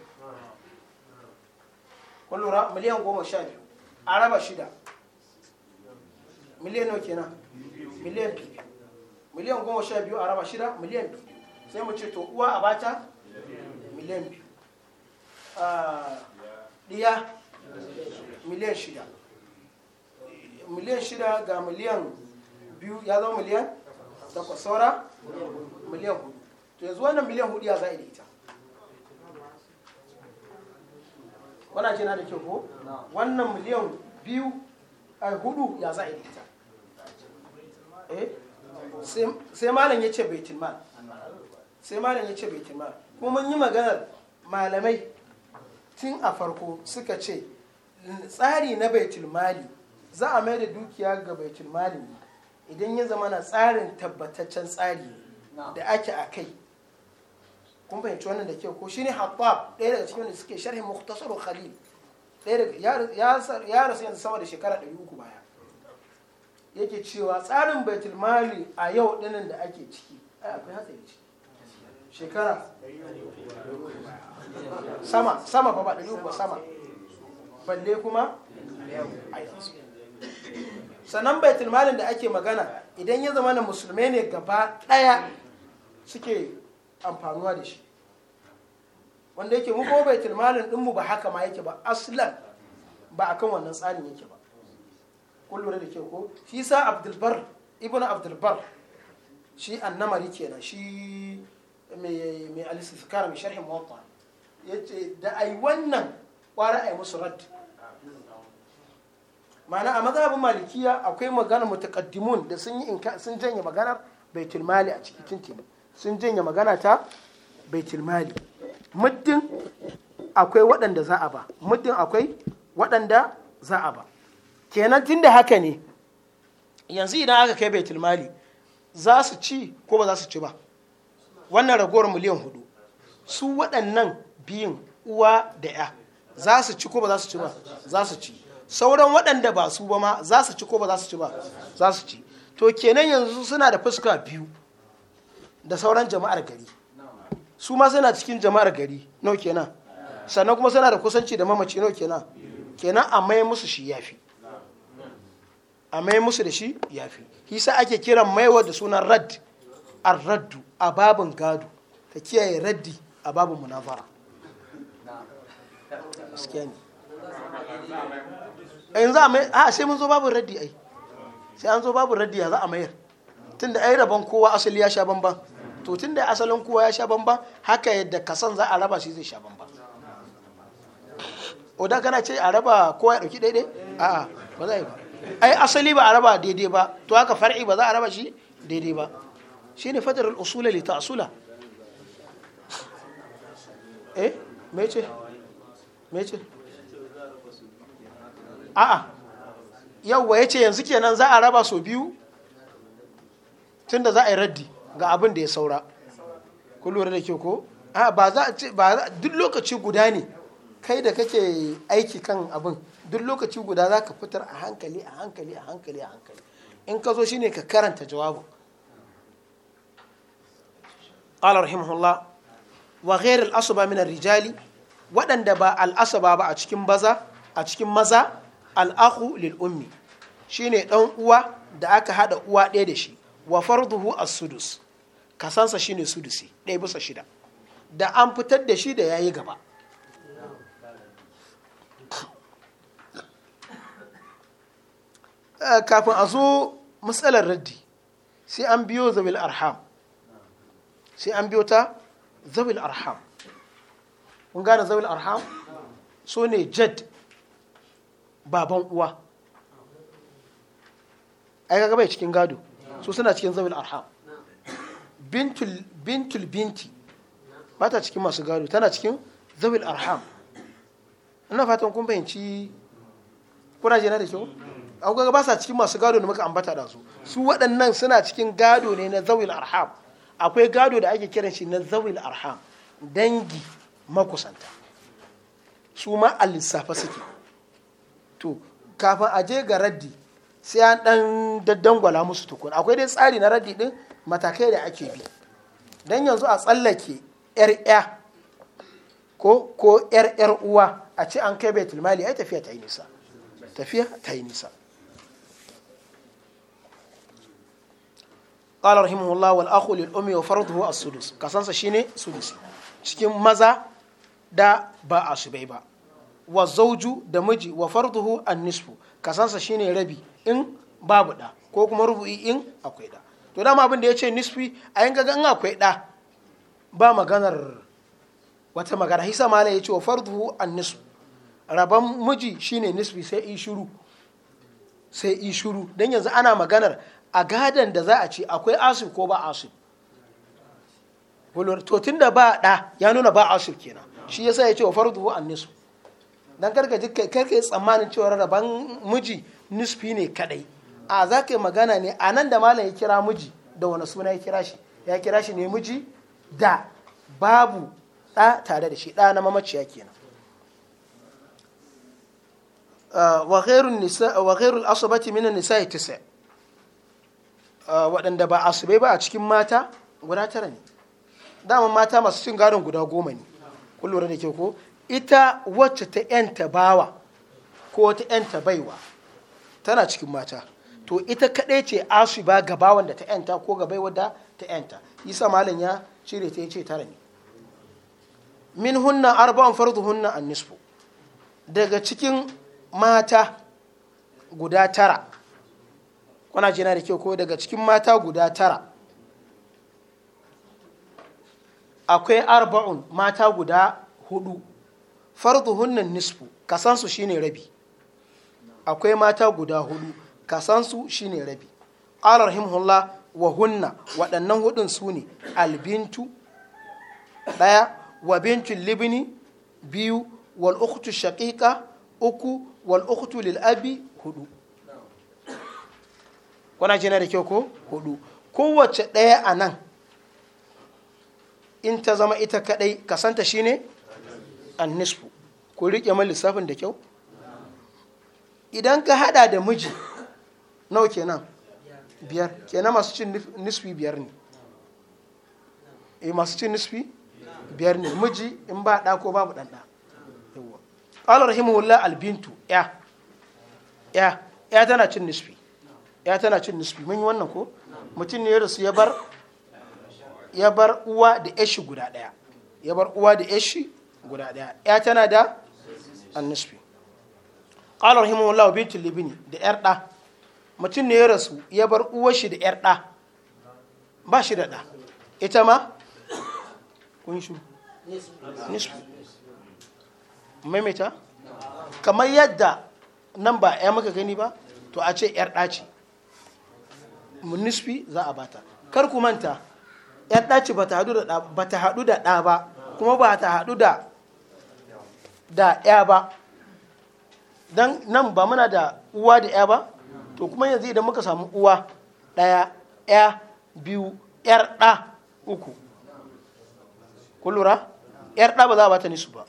kun miliyan goma sha biyu Araba shida miliyan nau kenan miliyan biyu miliyan goma sha biyu araba shida miliyan biyu sai mu ce to uwa a bata miliyan biyu ah, ɗiya miliyan shida miliyan shida ga miliyan biyu ya zama miliyan takwas saura miliyan hudu to yanzu wannan miliyan hudu ya za'a ita wana na da kyau ko wannan miliyan biyu a hudu ya za a yi ta eh? sai malam ya ce bai mal sai malam ya ce bai mal kuma mun yi maganar malamai tun a farko suka ce tsari na baitul mali za a mai da dukiya ga baitul mali idan ya zama na tsarin tabbataccen tsari da ake a kai kun fahimci wannan da kyau ko shi ne hattab ɗaya daga cikin da suke sharhin mukhtasar khalil ya rasu yanzu sama da shekara ɗari uku baya yake cewa tsarin baitul mali a yau ɗinin da ake ciki ai akwai hatsari ciki shekara sama sama ba ba ɗari uku sama balle kuma a yanzu sannan baitul malin da ake magana idan ya zama na musulmai ne gaba ɗaya suke amfanuwa da shi wanda yake mu kuma baitul malin dinmu ba haka ma yake ba aslan ba akan wannan tsarin yake ba kun lura da ke ko shi abdulbar ibnu abdulbar shi annamari kenan shi mai mai sharhin muwatta ya ce da ai wannan kwara ai musu rad mana a mazhabin malikiya akwai magana mutaqaddimun da sun yi sun janye maganar baitul a cikin tintin sun janye magana ta baitul mali muddin akwai waɗanda za a ba muddin akwai waɗanda za a ba kenan tun da haka ne yanzu idan aka kai baitul mali za su ci ko ba za su ci ba wannan ragowar miliyan hudu su waɗannan biyun uwa da ya za su ci ko ba za su ci ba za su ci sauran waɗanda ba su ba ma za su ci ko ba za su ci ba za su ci to kenan yanzu suna da fuska biyu da sauran jama'ar gari su ma suna cikin jama'ar gari nau kenan sannan kuma suna da kusanci da mamaci nau kenan kenan a mai musu shi yafi a mai musu da shi yafi hisa ake kiran maiwa da sunan rad ar raddu a babin gado ta kiyaye raddi a babin munafara in yanzu a mai a sai mun zo babin raddi ai sai an zo babin raddi ya za a mayar tunda ai rabon kowa asali ya sha bamban to tunda asalin kowa ya sha bamban haka yadda kasan za a raba shi zai sha bamban oda kana ce a raba kowa ya dauki daidai a'a ba za a yi ba ai asali ba a raba daidai ba to haka far'i ba za a raba shi daidai ba shine fadar al-usula li ta'sula eh me ce me ce a'a yawwa yace yanzu kenan za a raba so biyu tunda za a yi raddi ga abin da ya saura ku lura da ke ko ba za a ce ba duk lokaci guda ne kai da kake aiki kan abin duk lokaci guda za ka fitar a hankali a hankali a hankali a hankali in ka zo shine ka karanta jawabin قال rijali waɗanda ba الأصبع من الرجال ودن دبا الأصبع با أتشكين بزا أتشكين مزا الأخو للأمي uwa da aka دا uwa هذا da shi. wa farduhu as-sudus kasansa shine sudusi ɗaya bisa shida da an fitar da shi da yayi gaba eh, kafin a zo matsalar raddi sai an biyo zawil arham sai an biyo ta zawil arham kun gane zawil arham so ne jad baban uwa ai kaga bai cikin gado su suna cikin zawil arham bintul binti ba ta cikin masu gado tana cikin zawil arham ina fatan kun fahimci kuna jina da kyau an ga ba sa cikin masu gado da muka ambata da su su waɗannan suna cikin gado ne na zawil arham akwai gado da ake kiran shi na zawil arham dangi makusanta su ma a suke to kafin a je ga raddi sai an dan daddangwala musu tukun akwai dai tsari na radi din matakai da ake bi dan yanzu a tsallake yar ya ko ko yar uwa a ce an kai baitul mali ai tafiya ta yi nisa tafiya ta yi nisa قال رحمه الله والاخ للام وفرضه السدس كسانسا شيني سدس cikin maza da ba a subai ba wa zauju da miji wa farduhu an nisfu kasansa shine rabi in babu da ko kuma rubu'i in akwai da to dama abin da ya ce nisfi a yin gaga in akwai da ba maganar wata magana hisa mala ya ce wa farduhu an nisfu rabon miji shine nisfi sai in shiru sai in shiru don yanzu ana maganar a gadon da za a ce akwai asir ko ba asir to tun da ba da ya nuna ba asir kenan shi yasa ya ce wa farduhu an nisfu don karka yi tsammanin cewa rabon miji nisfi ne kadai a za ka yi magana ne a nan da malam ya kira miji da wani suna ya kira shi ya kira shi ne miji da babu ɗa tare da shi ɗa na mamaciya kenan wa ghairul min minan ya tisa waɗanda ba asubai ba a cikin mata guda tara ne dama mata masu cin gadon guda goma ne kullum da ke ko ita wacce ta yanta bawa ko ta yanta baiwa tana cikin mata to ita kaɗai ce asu ba ga bawan da ta yanta ko ga baiwa da ta yanta isa malam ya cire ta yace tara ne min hunna arba'un fardu hunna an nisfu daga cikin mata guda tara kuna jina da kyau ko daga cikin mata guda tara akwai arba'un mata guda hudu hunnan nisfu kasansu shine rabi akwai mata guda hudu kasansu shine rabi qala wa hunna waɗannan hudun su ne albintu ɗaya wa bintu libni biyu wal ukhtu shaqiqa uku wal ukhtu lil hudu kuna jina da kyau ko hudu kowace ɗaya a nan in ta zama ita kadai kasanta shine nisfu ku riƙe man lissafin da kyau idan ka hada da miji nawa kenan biyar kenan masu cin nisfi biyar ne eh, masu cin nisfi biyar ne miji in ba ɗa ko babu ɗanɗa ɗa qala rahimahullah albintu ya tana cin nisfi ya tana cin nisfi mun yi wannan ko mutum ne ya ya bar ya bar uwa da eshi guda ɗaya ya bar uwa da eshi guda ɗaya ya tana da annisfi qala rahimahullah bintul libni da yar da mutum ne ya rasu ya bar uwar shi da yar da ba shi da da ita ma kun shi nisfi maimaita kamar yadda nan ba ya maka gani ba to a ce yar da ce nisfi za a bata kar ku manta yar da ce ba ta haɗu da ɗa ba kuma ba ta haɗu da da ya ba don nan ba muna da uwa da ya ba to kuma yanzu idan muka samu uwa ɗaya ya biyu yar ɗa uku kun lura yar ɗa ba za a bata nisu ba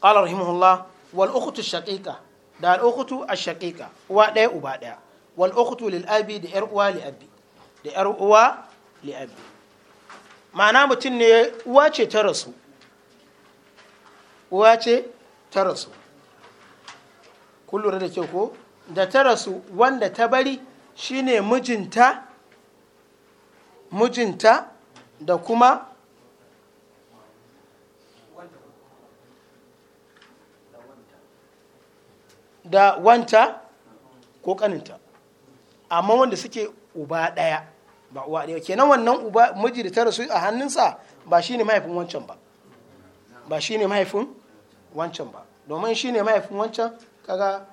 ƙalar eh? himmullah wal'ukutu shaƙiƙa da al'ukutu a shaƙiƙa uwa ɗaya uba ɗaya wal'ukutu lil'abi da 'yar da 'yar uwa li'abi ma'ana mutum ne uwa ce ta rasu uwa ce ta rasu da ke ko da ta rasu wanda ta bari shine mijinta mijinta da kuma da wanta ko kaninta amma wanda suke uba ɗaya ba uwa ɗaya kenan wannan uba miji da ta rasu a hannunsa ba shine mahaifin wancan ba ba shine mahaifin wancan ba domin shine mahaifin wancan kaga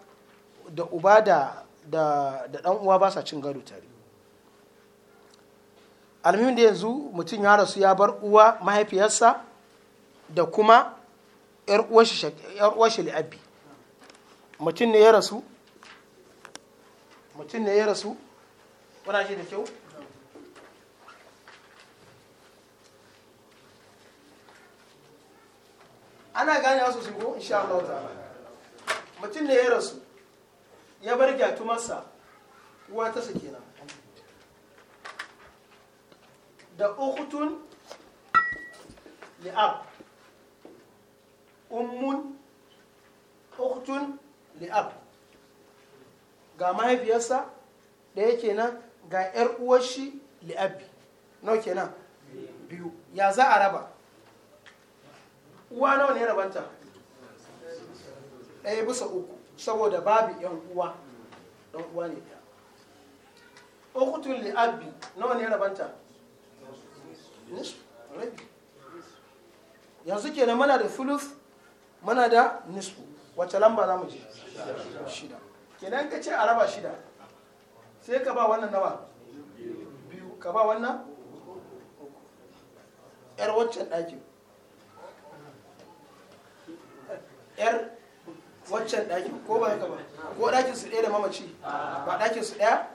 da uba da da da dan uwa ba sa cin gado tare almuhim da yanzu mutum ya rasu ya bar uwa mahaifiyarsa da kuma yar uwar shi li'abbi mutum ne ya rasu mutum ne ya rasu wana shi da kyau ana gane su ko insha Allah ta'ala mutum ne ya rasu ya bar gyatumarsa uwa ta sake na da ukhtun li'ab ummun ukhtun li'ab ga mahaifiyarsa da yake nan ga 'yar uwar shi li'abbi nau kenan biyu ya za a raba uwa nawa ne rabanta ɗaya bisa uku saboda babu yan uwa ɗan uwa ne ɗaya ukutun li abi nawa ne rabanta nisfu rabi yanzu kenan mana da fuluf mana da nisfu wacce lamba za mu je shida kenan ka ce a raba shida sai ka ba wannan nawa biyu ka ba wannan yar waccan ɗakin yar waccan ɗakin ko ba haka ba ko ɗakin su ɗaya da mamaci ba ɗakin su ɗaya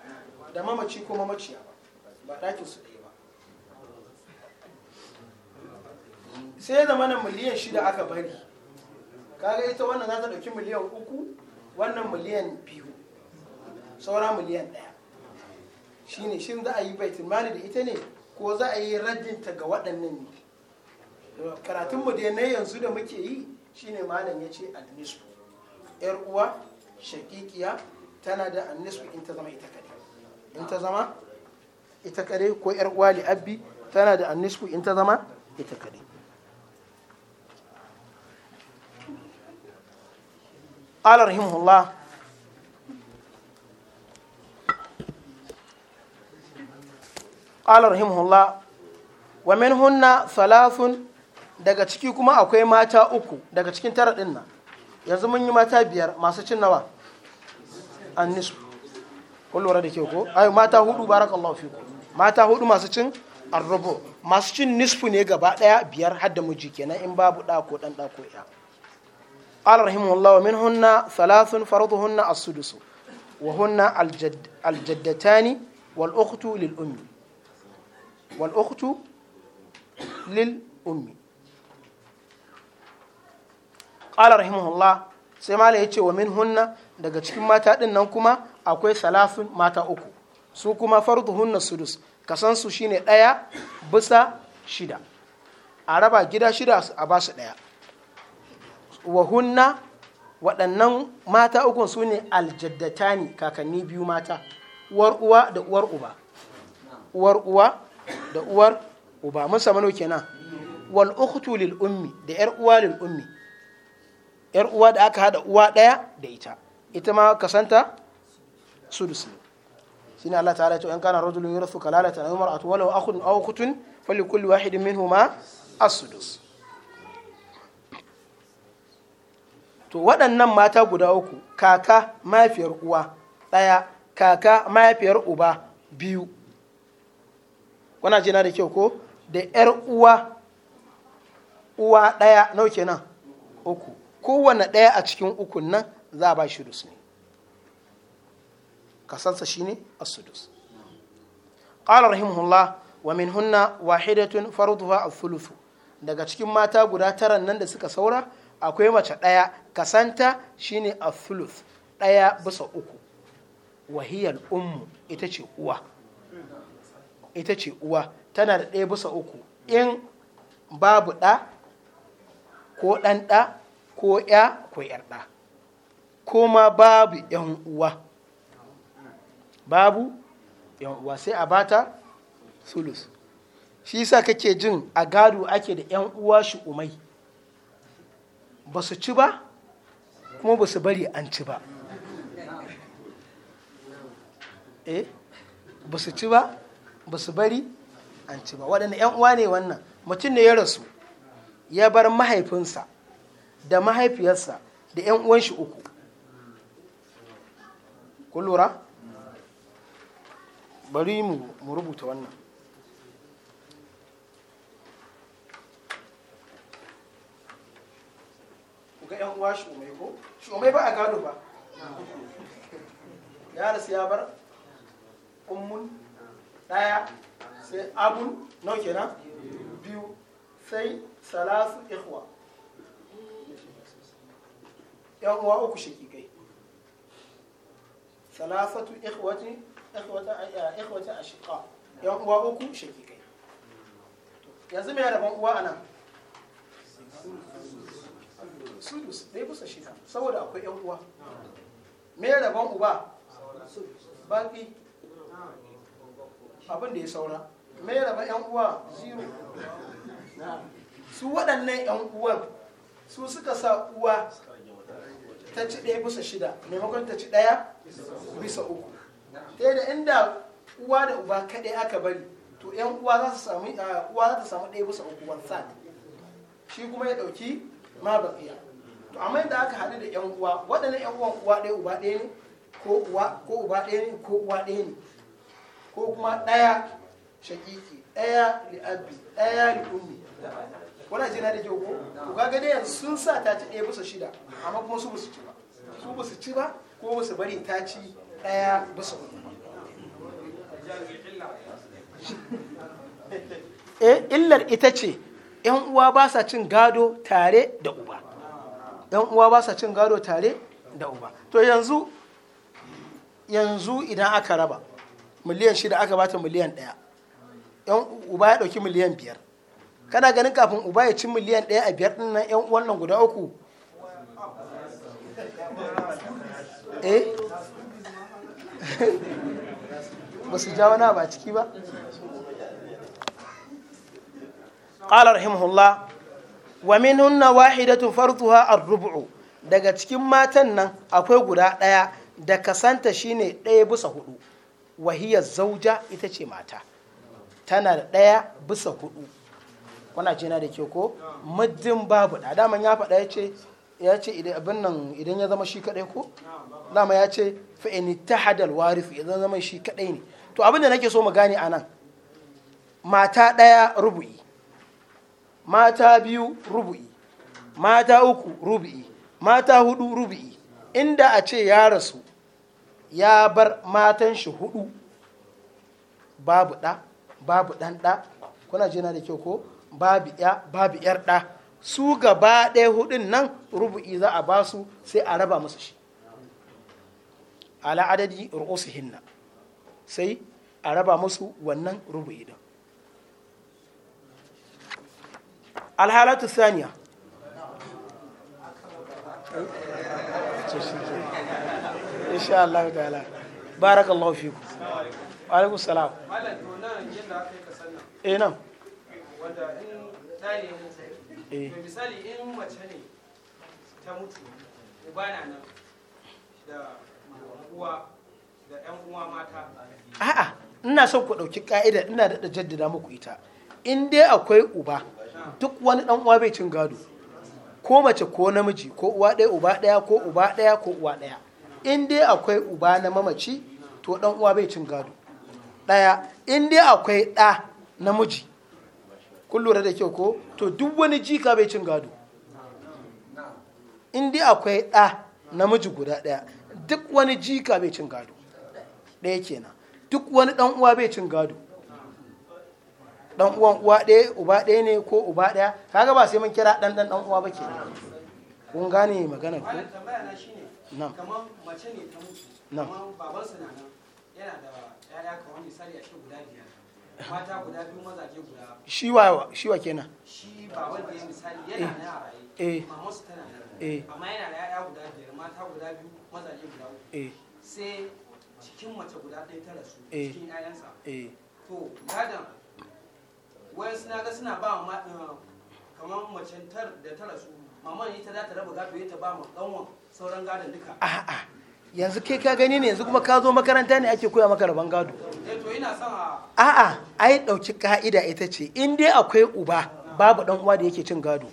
da mamaci ko mamaciya ba ba ɗakin su ɗaya ba sai ya zama na miliyan shida aka bari kaga ita wannan za ta ɗauki miliyan uku wannan miliyan biyu saura miliyan ɗaya shine shin za a yi bai mali da ita ne ko za a yi rajinta ga waɗannan ne karatunmu da na yanzu da muke yi shine malam ya ce annisfu yar uwa shakikiya tana da annisfu in ta zama ita kadai in ta zama ita kadai ko yar uwa li'abbi tana da annisfu in ta zama ita kadai قال رحمه الله قال رحمه الله ومنهن ثلاث daga ciki kuma akwai mata uku daga cikin tara ɗin nan yanzu mun yi mata biyar masu cin nawa an nisu kun lura da ke ko ayo mata hudu fi mata hudu masu cin arrubu masu cin nisfu ne gaba ɗaya biyar har da muji kenan in babu ɗa ko ɗan ɗa ko ya qala rahimahullahu minhunna thalathun farduhunna as-sudus hunna al-jaddatani wal ukhtu wal ukhtu lil ummi qala rahimahullah sai mala ya ce wa min hunna daga cikin mata din nan kuma akwai salafin mata uku su kuma fardu hunna sudus kasan su shine ɗaya bisa shida a raba gida shida a ba su ɗaya wa hunna waɗannan mata uku su ne aljaddatani kakanni biyu mata uwar uwa da uwar uba uwar uwa da uwar uba mun samu kenan wal ukhtu lil ummi da yar uwa lil ummi yar uwa da aka hada uwa daya da ita ita ma kasanta sudus ne ne Allah ta'ala ya ce in kana rajulun yurathu kalalatan aw mar'atu wa lahu akhun aw ukhtun kulli wahidin minhuma as-sudus to waɗannan mata guda uku kaka mahaifiyar uwa ɗaya kaka mahaifiyar uba biyu kuna jina da kyau ko da 'yar uwa uwa ɗaya nau kenan uku kowane ɗaya a cikin ukun nan za a ba shi dus ne kasansa shi ne asudus ƙala rahimahullah wa min hunna wahidatun farduha a thuluthu daga cikin mata guda taran nan da suka saura akwai mace ɗaya kasanta shi ne a thuluth ɗaya bisa uku wahiyar ummu ita ce uwa ita ce uwa tana da ɗaya bisa uku in babu ɗa ko ɗan ɗa ko ya ko yarda ma babu yan uwa babu yan uwa sai a bata sulus shi sa kake jin a gado ake da yan uwa shi umai ba su ci ba kuma ba su bari an ci ba eh ba su ci ba ba su bari an ci ba waɗanda 'yan uwa ne wannan mutum ne ya rasu ya bar mahaifinsa da mahaifiyarsa da 'yan uwan uku ku lura bari mu rubuta wannan ga 'yan uwa shumai ko shumai ba a gado ba ya rasu ya bar ummun daya sai abun nau kenan biyu sai salasu ikhwa yan uwa uku shakikai salasatu ikhwati ikhwata eh, ashiqa yan uwa uku shakikai yanzu mai rabon uwa anan sudus dai bisa shida saboda akwai yan uwa mai rabon uba baki abin da ya saura mai rabon yan uwa zero su waɗannan yan uwan su suka sa uwa ta ci ɗaya bisa shida maimakon ta ci ɗaya bisa uku ta yadda inda uwa da uba kaɗai aka bari to yan uwa za samu ta samu ɗaya bisa uku one third shi kuma ya ɗauki ma baqiya to amma yadda aka haɗu da yan uwa waɗannan yan uwan uwa ɗaya uba ɗaya ne ko uwa ko uba ɗaya ne ko uwa ɗaya ne ko kuma ɗaya shaƙiƙi ɗaya li'abi ɗaya li'ummi wani jina da ke ko to kaga yanzu sun sa ta ci ɗaya bisa shida amma kuma su basu ci ba su su ci ba ko basu bari ta ci ɗaya bisa hudu eh illar ita ce yan uwa ba sa cin gado tare da uba yan uwa ba sa cin gado tare da uba to yanzu yanzu idan aka raba miliyan shida aka bata miliyan ɗaya yan uba ya ɗauki miliyan biyar kana ganin kafin uba ya ci miliyan ɗaya a biyar ɗin yan uwan guda uku eh ba su ja wani ba ciki ba qala rahimahullah wa hunna wahidatun farduha ar-rub'u daga cikin matan nan akwai guda ɗaya da kasanta shine ɗaya bisa hudu wahiyar zauja ita ce mata tana da ɗaya bisa hudu kuna na da ke ko muddin babu da daman ya faɗa ya ce ya ce abin nan idan ya zama shi kaɗai ko dama ya ce fa'ini ta hadal warifu idan zama shi kaɗai ne to abin da nake so mu gane a nan mata ɗaya rubu'i mata biyu rubu'i mata uku rubu'i mata hudu rubu'i inda a ce ya rasu ya bar matan shi hudu babu ɗa babu ɗan ɗa kuna jina da kyau ko babu ya babu yar da su gaba ɗaya hudun nan rubu'i za a ba su sai a raba musu shi ala adadi hinna sai a raba musu wannan rubu'i din alhalatu saniya insha Allah ta'ala barakallahu fiku wa alaikum salam nan aka yi eh nan wanda in ɗa ne eh. misali in mace ne ta mutu uba na nan da uwa da yan uwa mata a'a ina son ku ɗauki ƙa'ida ina da jaddada muku ita in dai akwai uba duk wani ɗan uwa bai cin gado ko mace ko namiji ko uwa ɗaya uba ɗaya ko uba ɗaya ko uwa ɗaya in dai akwai uba na mamaci to ɗan uwa bai cin gado ɗaya in dai akwai ɗa namiji kun lura da kyau ko to duk wani jika bai cin gado in akwai ɗa namiji guda ɗaya duk wani jika bai cin gado ɗaya kenan duk wani ɗan uwa bai cin gado ɗan uwan uwa ɗaya uba ɗaya ne ko uba ɗaya kaga ba sai mun kira ɗan ɗan ɗan uwa ba ke kun gane magana ko nan kamar mace ne ta mutu babansa na nan yana da yaya kamar misali a shi guda biyar shi wa shi wa kenan shi ba wanda ya misali yana eh, na raye eh amma su tana eh amma yana da yaya guda biyar mata guda biyu mazaje guda uku eh. sai cikin mace guda ɗaya ta rasu eh. cikin ƴaƴansa to gadan wayan suna ga suna ba ma kamar mace da ta rasu maman ita za ta raba gado ita ba ma ɗanwan sauran gadon duka a'a yanzu kai ka gani ne yanzu kuma ka zo makaranta ne ake koya maka rabon gado a'a ai ɗauki ka'ida ita ce in dai akwai uba babu ɗan uwa da yake cin gado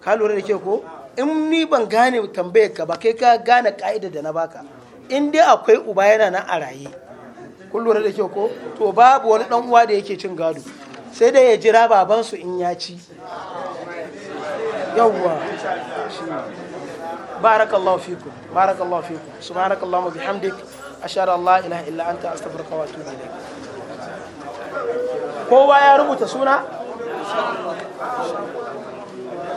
ka lura da ke ko in ni ban gane tambayar ka ba kai ka gane ka'ida da na baka in dai akwai uba yana nan a raye kun lura da ke ko to babu wani ɗan uwa da yake cin gado sai dai ya jira babansu in ya ci yawwa barakallahu fikum barakallahu fikum subhanakallahu wa bihamdik ashhadu an la ilaha illa anta astaghfiruka wa atubu ilaik kowa ya rubuta suna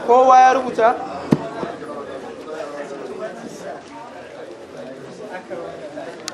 kowa ya rubuta